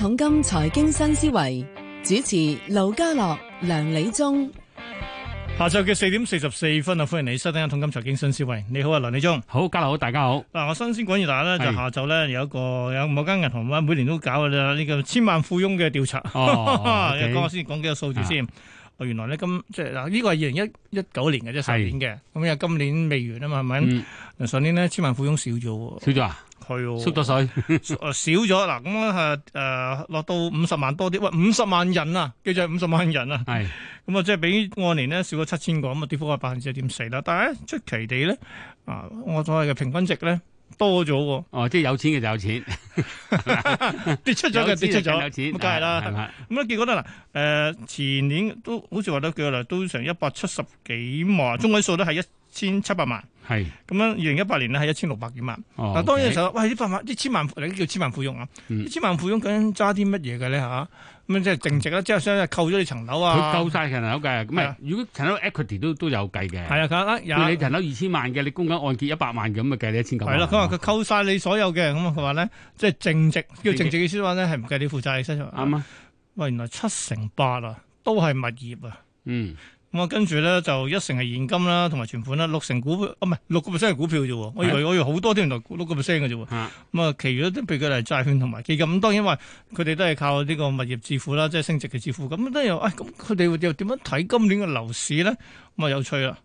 統金財經新思維主持盧家樂、梁理中，下晝嘅四點四十四分啊！歡迎你收聽《統金財經新思維》。你好啊，梁理中。好，家樂好，大家好。嗱、啊，我新鮮講完大家咧，是就下晝咧有一個有某間銀行咧每年都搞嘅啦，呢個千萬富翁嘅調查。我講我先講幾個數字先。啊、原來咧今即係嗱，呢個係二零一九年嘅即係上年嘅，咁因是今年未完啊嘛，係咪、嗯？上年呢，「千萬富翁」少咗，少咗啊？去縮咗水，少咗嗱，咁啊誒落到五十萬多啲，喂五十萬人啊，記住係五十萬人啊，係咁啊，即係比往年咧少咗七千個，咁啊跌幅係百分之一點四啦，但係出奇地咧啊，我所謂嘅平均值咧多咗喎，哦，即係有錢嘅就有錢跌出咗嘅跌出咗，咁梗係啦，咁啊結果咧嗱誒前年都好似話得幾耐，都成一百七十幾萬，中位數都係一。千七百萬，係咁是樣。二零一八年咧係一千六百幾萬。但、哦、當然時候，喂呢百萬、啲千萬，你叫千萬富翁啊！啲、嗯、千萬富翁究竟揸啲乜嘢嘅咧吓？咁即係淨值啦，即係想扣咗你層樓啊？佢、就是、扣晒層樓計，咁啊？啊如果層樓 equity 都都有計嘅，係啊，佢、啊、你層樓二千萬嘅，你供緊按揭一百萬嘅，咁咪計你一千九百萬。係啦、啊，佢話佢扣晒你所有嘅，咁啊，佢話咧即係淨值，叫淨值嘅說話咧係唔計你負債你身上。啱的喂，原來七成八啊，都係物業啊。嗯。咁啊，跟住咧就一成係現金啦，同埋存款啦，六成股票，唔係六個 percent 係股票啫。的我以為我以為好多都原來六六個 percent 嘅啫。咁啊，其餘咧，譬如係債券同埋基金。咁當然，因為佢哋都係靠呢個物業致富啦，即係升值嘅致富。咁都有，哎，咁佢哋又點樣睇今年嘅樓市咧？咁啊，有趣啦，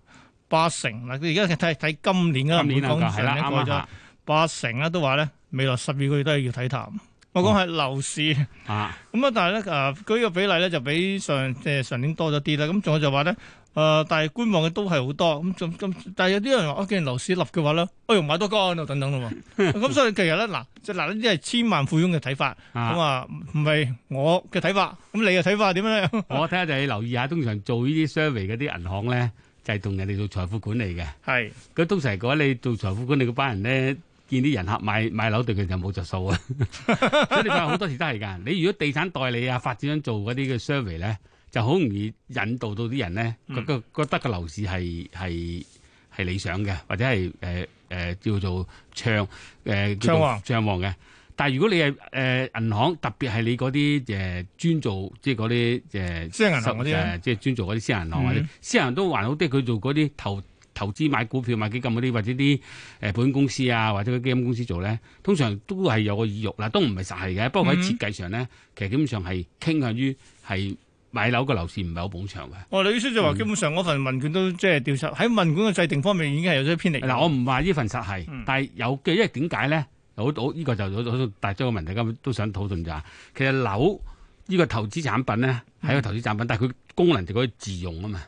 八成嗱，佢而家睇睇今年啊，啦，今年啊，係啦啱啊，八成啦都話咧，未來十二個月都係要睇淡。我講係樓市咁啊，但係咧，誒、啊，舉個比例咧就比上即係上年多咗啲啦。咁仲有就話咧，誒、呃，但係觀望嘅都係好多。咁咁，但係有啲人話，既然樓市立嘅話咧，哎喲買多干啊等等咁、 啊、所以其實咧，嗱，即嗱呢啲係千萬富翁嘅睇法，咁啊唔係、啊、我嘅睇法，咁你嘅睇法係點咧？ 我睇下就係留意下，通常做呢啲 survey 嗰啲銀行咧，就係同人哋做財富管理嘅。係是，佢通常講你做財富管理嗰班人咧。見啲人客買買樓對佢就冇着數啊！所以話好多時都係㗎。你如果地產代理啊、發展商做嗰啲嘅 survey 咧，就好容易引導到啲人咧，覺得個樓市係係係理想嘅，或者係誒誒叫做暢誒，暢旺暢旺嘅。但係如果你係誒、呃、銀行，特別係你嗰啲誒專做即係嗰啲誒私人銀行嗰啲咧，即係、就是、專做嗰啲私人銀行嗰啲，嗯、或者私人都還好啲，佢做嗰啲投。投資買股票買基金嗰啲，或者啲誒保險公司啊，或者基金公司做咧，通常都係有個意欲啦，都唔係實係嘅。不過喺設計上咧，嗯、其實基本上係傾向於係買樓嘅樓市唔係好捧場嘅。哦，你意思就話基本上嗰份問卷都即係調查喺問卷嘅制定方面已經係有咗偏離。嗱，我唔話呢份實係，嗯、但係有嘅，因為點解咧？好，好，呢個就好，好，但係將個問題都想討論咋。其實樓呢個投資產品咧係一個投資產品，嗯、但係佢功能就可以自用啊嘛。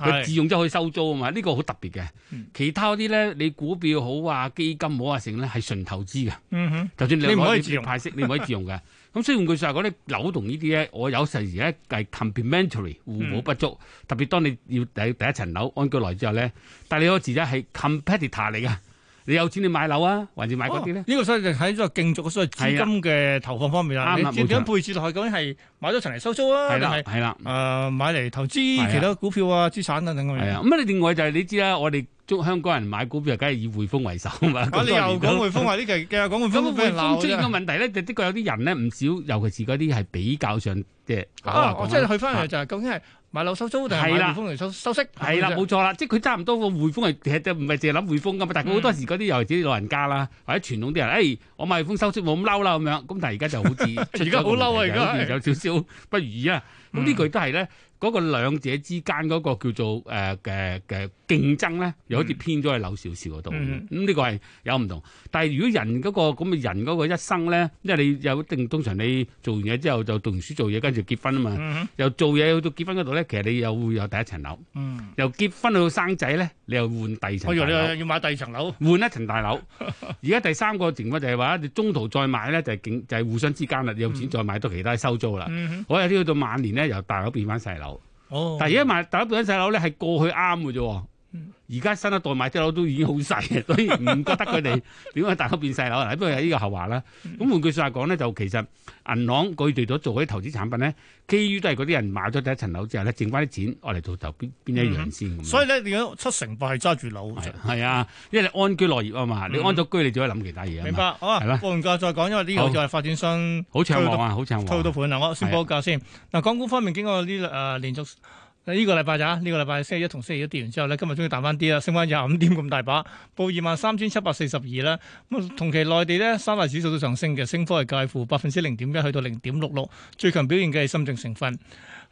佢自用就可以收租啊嘛，呢、這個好特別嘅。其他啲咧，你股票好，好啊，基金好啊，剩咧係純投資嘅。嗯哼，就算你唔可以自用派息，你唔可以自用嘅。咁 雖然換句説話，嗰啲樓同呢啲咧，我有時而家係 complementary，互補不足。嗯、特別當你要第第一層樓安居來之後咧，但係你個字咧係 competitor 嚟嘅。你有錢你買樓啊，還是買嗰啲咧？呢、哦這個是在所以就喺咗競逐嘅所謂資金嘅投放方面啦。啱啦、啊，冇配置落去究竟係買咗層嚟收租啊？係啦、啊，係啦、啊。啊、買嚟投資其他股票啊、啊資產等等咁樣。係啊，咁你另外就係、是、你知啦，我哋中香港人買股票梗係以匯豐為首啊嘛。你又講匯豐話啲嘅，繼續講匯豐。 匯豐匯豐出現嘅問題咧，就的、是、確有啲人咧唔少，尤其是嗰啲係比較上。啊！我說說啊即係去翻去就係、是啊、究竟係買樓收租定係買匯豐嚟收收息？係啦，冇錯啦，即係佢差唔多個匯豐係唔係淨係諗匯豐噶嘛。嗯、但係好多時嗰啲又係自己老人家啦，或者傳統啲人，誒、哎，我買匯豐收息冇咁嬲啦咁樣。咁但係而家就好似而家好嬲啊！而家有少少不如意啊。咁呢句都係咧。嗰個兩者之間嗰個叫做誒嘅嘅競爭咧，嗯、又好似偏咗喺樓少少嗰度。咁呢、嗯嗯呢個係有唔同。但係如果人嗰、嗰個咁嘅人嗰個一生咧，因為你有定通常你做完嘢之後就讀完書做嘢，跟住結婚啊嘛。由做嘢去到結婚嗰度咧，其實你又會有第一層樓。嗯、由結婚去到生仔咧，你又換第二層。我以為你要買第二層樓，換一層大樓。而家 第三個情況就係話，你中途再買咧，就係就係互相之間啦，有錢再買到其他收租啦。我有啲去到晚年咧，由大樓變翻細樓。但係而家買大灣區新細樓咧，係過去啱嘅啫。而家新一代買啲樓都已經好細，所以唔覺得佢哋點解大家變細樓啊？不過係呢個後話啦。咁換句說話講咧，就其實銀行佢哋都做嗰啲投資產品咧，基於都係嗰啲人買咗第一層樓之後咧，剩翻啲錢，我嚟做投邊邊一樣先。所以咧，你有七成八係揸住樓嘅。係啊，因為你安居樂業啊嘛，你安咗居，你就可以諗其他嘢。明白，好啊，係啦，過價再講，因為呢個就係發展商。好暢旺啊，好暢旺。推到盤我先報個價先。嗱，港股方面經過呢誒連續。呢個禮拜咋？呢、這個禮拜星期一同星期一跌完之後呢，今日終於彈翻啲啦，升翻廿五點咁大把，報二萬三千七百四十二啦。咁同期內地呢，三大指數都上升嘅，升幅係介乎百分之零點一去到零點六六，最強表現嘅係深圳成分。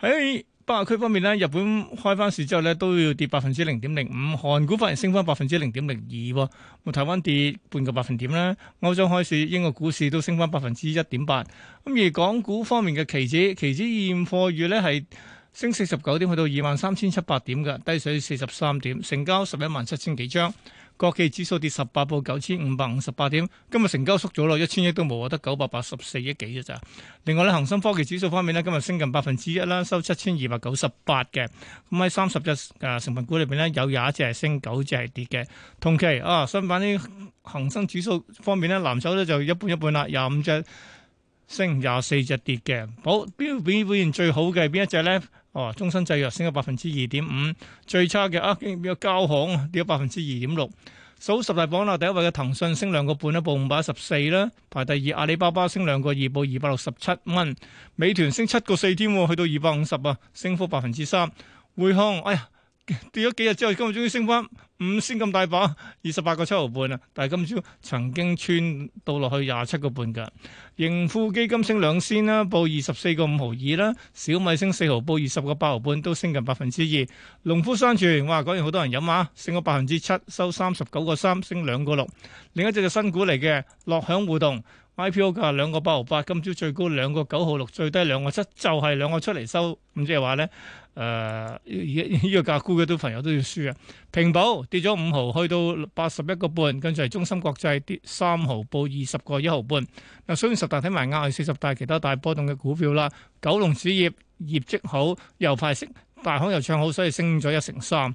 喺北亞區方面呢，日本開翻市之後呢，都要跌百分之零點零五，韓股反而升翻百分之零點零二喎，台灣跌半個百分點啦。歐洲開市，英國股市都升翻百分之一點八。咁而港股方面嘅期指，期指現貨月呢係。升四十九點去到二萬三千七百點嘅，低水四十三點，成交十一萬七千幾張。國企指數跌十八到九千五百五十八點。今日成交縮咗咯，一千億都冇，得九百八十四億幾嘅咋？另外咧，恒生科技指數方面咧，今日升近百分之一啦，收七千二百九十八嘅。咁喺三十隻誒成分股裏邊呢，有廿一隻係升，九隻係跌嘅。同期啊，相反啲恒生指數方面呢，藍籌咧就一半一半啦，廿五隻升，廿四隻跌嘅。好，邊表現最好嘅係邊一隻咧？哦，中生製藥升咗百分之二點五，最差嘅，啊，叫咩交行跌咗百分之二點六。數十大榜啦，第一位嘅騰訊升兩個半，一報五百一十四啦。排第二阿里巴巴升兩個二，報二百六十七蚊。美團升七個四添，去到二百五十啊，升幅百分之三。滙控。哎呀。跌咗幾日之後，今日終於升翻五仙咁大把，二十八個七毫半啦。但係今朝曾經穿到落去廿七個半㗎。盈富基金升兩仙啦，報二十四個五毫二啦。小米升四毫，報二十個八毫半，都升近百分之二。農夫山泉哇，果然好多人飲啊，升咗百分之七，收三十九個三，升兩個六。另一隻就新股嚟嘅樂享互動。I.P.O. 價兩個八毫八，今朝最高兩個九毫六，最低兩個七，就係兩個出嚟收咁，即係話咧誒，呢個價估嘅，都朋友都要輸啊。平保跌咗五毫，去到八十一個半，跟住係中心國際跌三毫，報二十個一毫半。嗱，雖然十大睇埋，額外四十大其他大波動嘅股票啦，九龍紙業業績好，又派息，大行又唱好，所以升咗一成三。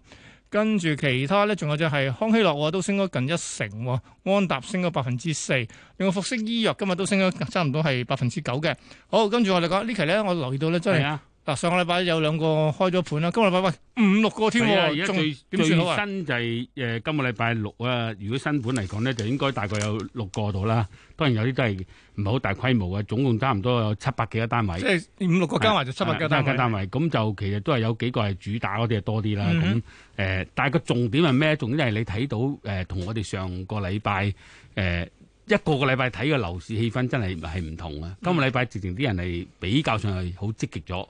跟住其他咧，仲有就係康希諾都升咗近一成，哦、安踏升咗百分之四，另外服飾醫藥今日都升咗差唔多係百分之九嘅。好，跟住我哋講期呢期咧，我留意到咧真係啊。嗱，上個禮拜有兩個開咗盤啦，今個禮拜喂五六個添仲、啊、最，更最新就係、是、誒、呃，今個禮拜六啊，如果新盤嚟講咧，就應該大概有六個度啦。當然有啲都係唔係好大規模嘅，總共差唔多有七百幾多單位，即係五六個加位、啊，就七百幾個單位。啊啊、個單位咁就其實都係有幾個係主打嗰啲，係多啲啦。咁誒、呃，但係個重點係咩？重點係你睇到誒，同、呃、我哋上個禮拜誒一個個禮拜睇嘅樓市氣氛真係係唔同啊！嗯、今個禮拜直情啲人係比較上嚟好積極咗。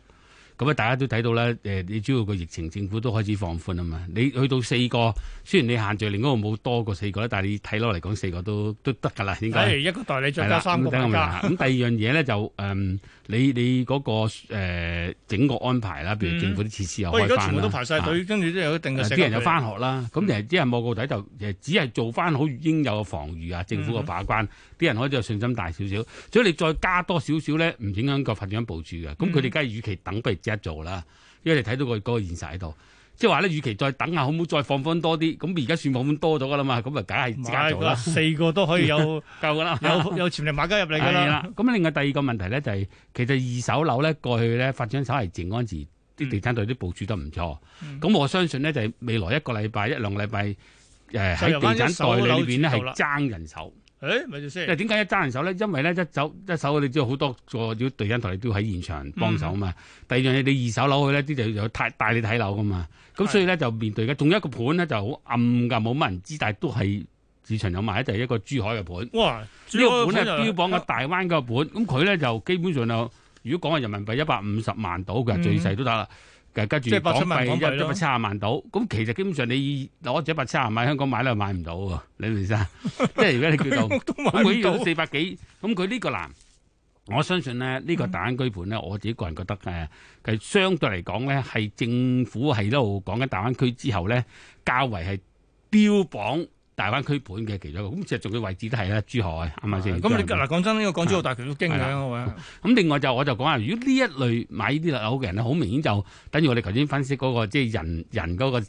咁啊，大家都睇到啦。你主要個疫情，政府都開始放寬啊嘛。你去到四個，雖然你限聚令嗰度冇多過四個，但你睇落嚟講，四個都都得㗎啦。應該例如一個代理，再加三個咁 第二樣嘢咧就、嗯你你嗰、那個、呃、整個安排啦，譬如政府啲設施又開返，全部都排晒隊、嗯、是跟住都有一定嘅。啲、呃、人又翻學啦，咁誒啲人冇個底就只係做翻好應有嘅防禦啊，政府嘅把關，啲、嗯、人可以有信心大少少。所以你再加多少少咧，唔影響個發展部署嘅。咁佢哋梗係與其等不如即刻做啦，因為你睇到佢個個現實喺度。即係話咧，與其再等下，好唔好再放寬多啲？咁而家算放寬多咗噶啦嘛，咁啊，梗係自家做啦。 四個都可以有夠噶啦，有有潛力買家入嚟嘅啦。咁 另外第二個問題咧，就係、是、其實二手樓咧，過去咧發展稍係靜安時，啲地產隊都部署得唔錯。咁、嗯、我相信咧就係、是、未來一個禮拜、一兩個禮拜，誒、呃、喺地產代理裏邊咧係爭人手。誒咪先，即係點解一揸人手咧？因為咧一走一手，你知好多個如果隊台都喺現場幫手啊嘛。嗯、第二樣嘢你二手樓去咧，啲就有太帶你睇樓噶嘛。咁、嗯、所以咧就面對嘅仲有一個盤咧就好暗㗎，冇乜人知，但係都係市場有賣，就係、係、一個珠海嘅盤。哇！呢個盤係標榜嘅大灣嘅盤，咁佢咧就基本上就如果講係人民幣一百五十萬到嘅最細都得啦。嗯跟住港幣一百七十萬到，咁其實基本上你攞住一百七十萬喺香港買咧，買唔到喎，你明唔明？即係如果你叫 到，每佢四百幾，咁佢呢個難，我相信咧呢個大灣區盤咧，我自己個人覺得咧，其實相對嚟講咧，係政府係喺度講緊大灣區之後咧，較為係標榜。大灣區盤嘅其中一個，咁其實仲要位置都係咧，嗯、吧珠海啱唔啱先？咁你嗱，講真，呢個港珠澳大橋都經嘅，我咁、嗯、另外就我就講下，如果呢一類買呢啲樓嘅人咧，好明顯就等於我哋頭先分析嗰個即係人人嗰個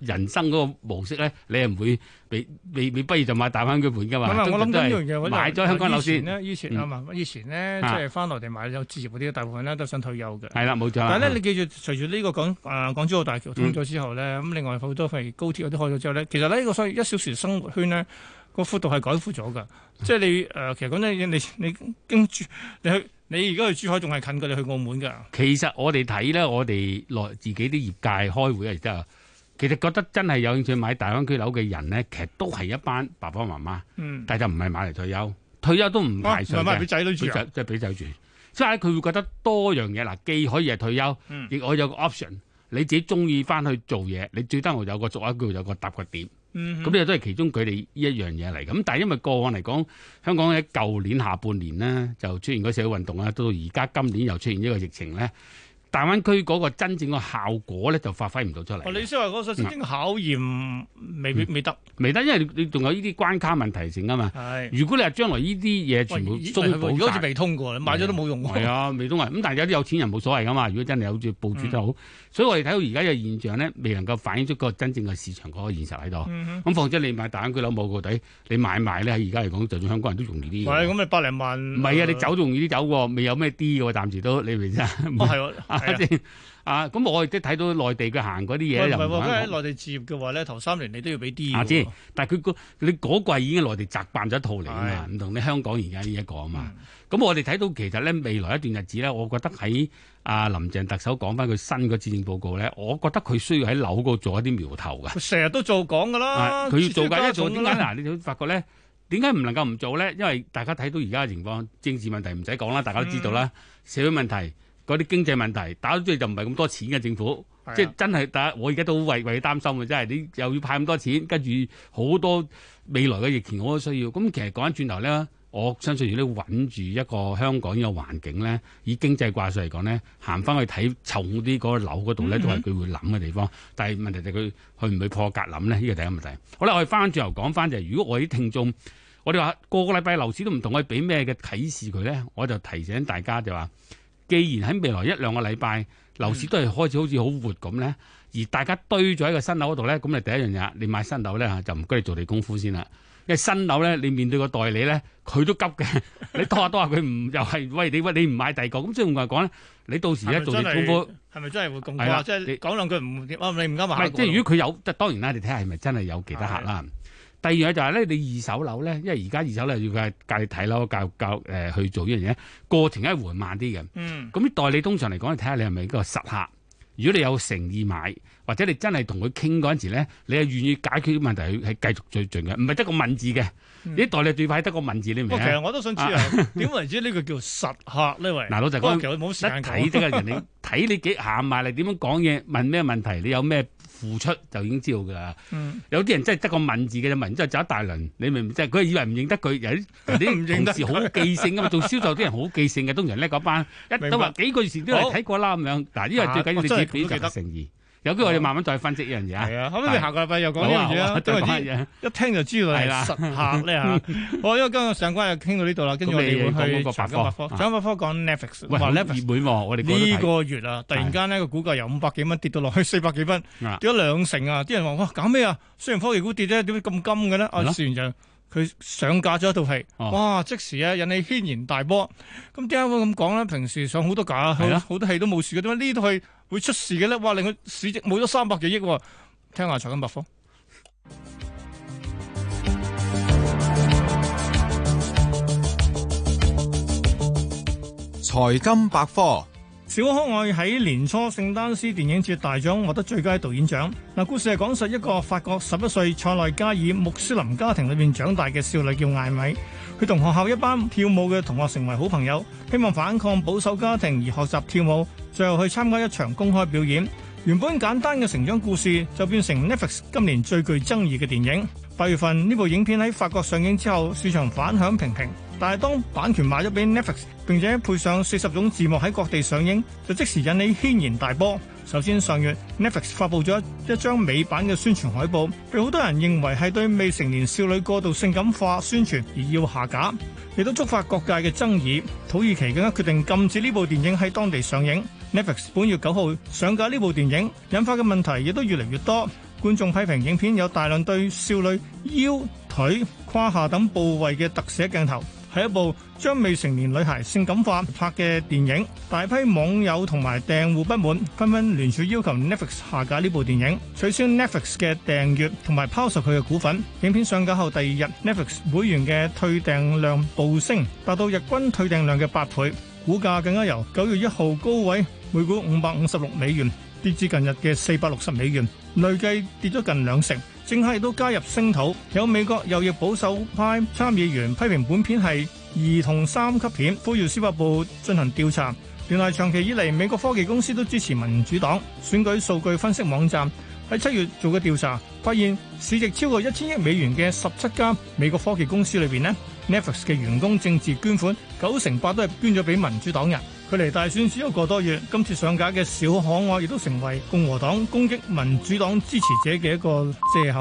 人生嗰個模式咧，你係唔會。你你你不如就買大灣區盤㗎嘛？咁我諗緊呢樣嘢，我買咗香港樓先咧。以前啊嘛，以前呢，即係翻內地買有置業嗰啲，大部分咧都想退休嘅。係啦、啊，冇錯呢。但係咧，你記住，隨住呢個港啊，港、呃、珠澳大橋通咗之後咧，咁、嗯、另外好多係高鐵嗰啲開咗之後咧，其實呢、這個所以一小時生活圈咧個幅度係擴闊咗㗎。嗯、即係你誒、呃，其實講真你你跟住你，你去，你而家去珠海仲係近過你去澳門㗎。其實我哋睇咧，我哋內自己啲業界開會啊，而家。其實覺得真係有興趣買大灣區樓嘅人咧，其實都係一班爸爸媽媽，嗯、但係就唔係買嚟退休，退休都唔排上嘅。唔係俾仔女住即係俾仔住，所以佢會覺得多樣嘢。嗱，既可以係退休，亦可以、嗯、有個 option，你自己中意翻去做嘢，你最登我有個做一句有一個答個點。咁呢、嗯、哼都係其中佢哋呢一樣嘢嚟。咁但係因為過往嚟講，香港喺舊年下半年咧就出現咗社會運動啦，到而家今年又出現呢個疫情咧。大灣區嗰個真正嘅效果咧，就發揮唔到出嚟、啊。你先話嗰個先經考驗，嗯、未未未得、嗯，未得，因為你仲有呢啲關卡問題性噶嘛是如。如果你話將來呢啲嘢全部鬆綁曬，好似未通過，你買咗都冇用。係啊，未通過。咁但係有啲有錢人冇所謂噶嘛？如果真係有似部署得好。嗯、所以我哋睇到而家嘅現象咧，未能夠反映出個真正嘅市場嗰個現實喺度。咁、嗯、況且你買大灣區樓冇個底，你買賣咧喺而家嚟講，就算香港人都容易啲。係咁咪百零萬。唔係啊，你走仲容易啲走喎，未有咩啲喎？暫時都你明唔明？阿姐啊，咁、 啊、我亦都睇到內地嘅行嗰啲嘢。唔係喎，佢喺內地置業嘅話咧，頭三年你都要俾啲嘢。阿、啊、但係佢嗰你嗰季已經內地習慣咗一套嚟啊嘛，唔同你香港而家呢一個啊嘛。咁、嗯、我哋睇到其實咧，未來一段日子咧，我覺得喺阿林鄭特首講翻佢新嘅施政報告咧，我覺得佢需要喺樓度做一啲苗頭㗎。成日都做講㗎啦，佢要做㗎，做點解？嗱，你會發覺咧，點解唔能夠唔做咧？因為大家睇到而家嘅情況，政治問題唔使講啦，大家都知道啦，嗯、社會問題。嗰啲經濟問題打咗出去就唔係咁多錢嘅政府，啊、即係真係打我而家都為為你擔心嘅，真係你又要派咁多錢，跟住好多未來嘅疫情，我都需要。咁其實講翻轉頭咧，我相信如果你穩住一個香港嘅環境咧，以經濟掛帥嚟講咧，行翻去睇稠啲嗰個樓嗰度咧，都係佢會諗嘅地方。嗯、哼但係問題就係佢去唔去破格諗咧，呢個第一問題。好啦，我哋翻轉頭講翻就係、是，如果我啲聽眾，我哋話個個禮拜樓市都唔同，我哋俾咩嘅啟示佢咧，我就提醒大家就話。既然喺未來一兩個禮拜樓市都係開始好似好活咁咧，而大家堆咗喺個新樓嗰度咧，咁啊第一樣嘢，你買新樓咧嚇就唔該你做啲功夫先啦。因為新樓咧，你面對個代理咧，佢都急嘅。你拖下拖下佢唔又係喂你喂你唔買第二個咁，即係我話講咧，你到時咧做啲功夫係咪真係會咁？係啊，即係講兩句唔，我唔你唔啱啊！即係如果佢有，當然啦，你睇下係咪真係有其他客啦。第二樣就係咧，你二手樓咧，因為而家二手樓要介你睇樓教教誒去做呢樣嘢，過程係緩慢啲嘅。咁啲、嗯、代理通常嚟講，你睇下你係咪個實客，如果你有誠意買。或者你真係同佢傾嗰陣時咧，你係願意解決啲問題，係繼續最盡嘅，唔係得個文字嘅。呢代理最快得個文字，你明唔明啊？其實我都想知啊，點為之呢個叫實客咧？嗱，老實講，得睇得人哋睇你幾下埋你點樣講嘢，問咩問題，你有咩付出就已經知道㗎啦。有啲人真係得個文字嘅啫，問之後走一大輪，你明唔明？即係佢以為唔認得佢，人唔認事好記性噶嘛，做銷售啲人好記性嘅，通常叻嗰班，一都話幾句詞都係睇過啦咁樣。嗱，呢個最緊要你自己誠意。有機會我哋慢慢再分析呢樣嘢啊。係啊，後尾你下個禮拜又講呢樣嘢啊。都係啲一聽就知道實客咧嚇。我因為今日上個又傾到呢度啦，跟住我哋去長江百科。長江百科講 Netflix，話熱門喎。我哋呢個月啊，突然間呢個股價由五百幾蚊跌到落去四百幾蚊，跌咗兩成啊！啲人話：哇，搞咩啊？雖然科技股跌啫，點解咁金嘅咧？阿船長。佢上架咗一套戲，哇！即時啊，引起軒然大波。咁點解會咁講咧？平時上好多架，好多戲都冇事嘅，點解呢套戲會出事嘅咧？哇！令佢市值冇咗三百幾億。聽下財金百科，財金百科。《小可愛》喺年初聖丹斯電影節大獎獲得最佳導演獎。嗱，故事係講述一個法國十一歲塞內加爾穆斯林家庭裏面長大嘅少女叫艾米，佢同學校一班跳舞嘅同學成為好朋友，希望反抗保守家庭而學習跳舞，最後去參加一場公開表演。原本簡單嘅成長故事就變成 Netflix 今年最具爭議嘅電影。八月份呢部影片喺法國上映之後，市場反響平平。但係當版權賣咗俾 Netflix，並且配上四十種字幕喺各地上映，就即時引起軒然大波。首先上月 Netflix 發布咗一張美版嘅宣傳海報，被好多人認為係對未成年少女過度性感化宣傳而要下架，亦都觸發各界嘅爭議。土耳其更加決定禁止呢部電影喺當地上映。Netflix 本月九號上架呢部電影，引發嘅問題亦都越嚟越多。觀眾批評影片有大量對少女腰、腿、胯下等部位嘅特寫鏡頭，係一部將未成年女孩性感化拍嘅電影。大批網友同埋訂戶不滿，紛紛聯署要求 Netflix 下架呢部電影，取消 Netflix 嘅訂閱同埋拋售佢嘅股份。影片上架後第二日，Netflix 會員嘅退訂量暴升，達到日均退訂量嘅八倍，股價更加由九月一號高位每股五百五十六美元。跌至近日嘅四百六十美元，累計跌咗近兩成。正系都加入聲討，有美國右翼保守派參議員批評本片係兒童三級片，呼籲司法部進行調查。原來長期以嚟，美國科技公司都支持民主黨。選舉數據分析網站喺七月做嘅調查，發現市值超過一千億美元嘅十七家美國科技公司裏邊呢 Netflix 嘅員工政治捐款，九成八都係捐咗俾民主黨人。距離大選只有一個多月，今次上架嘅小可愛亦都成為共和黨攻擊民主黨支持者嘅一個借口。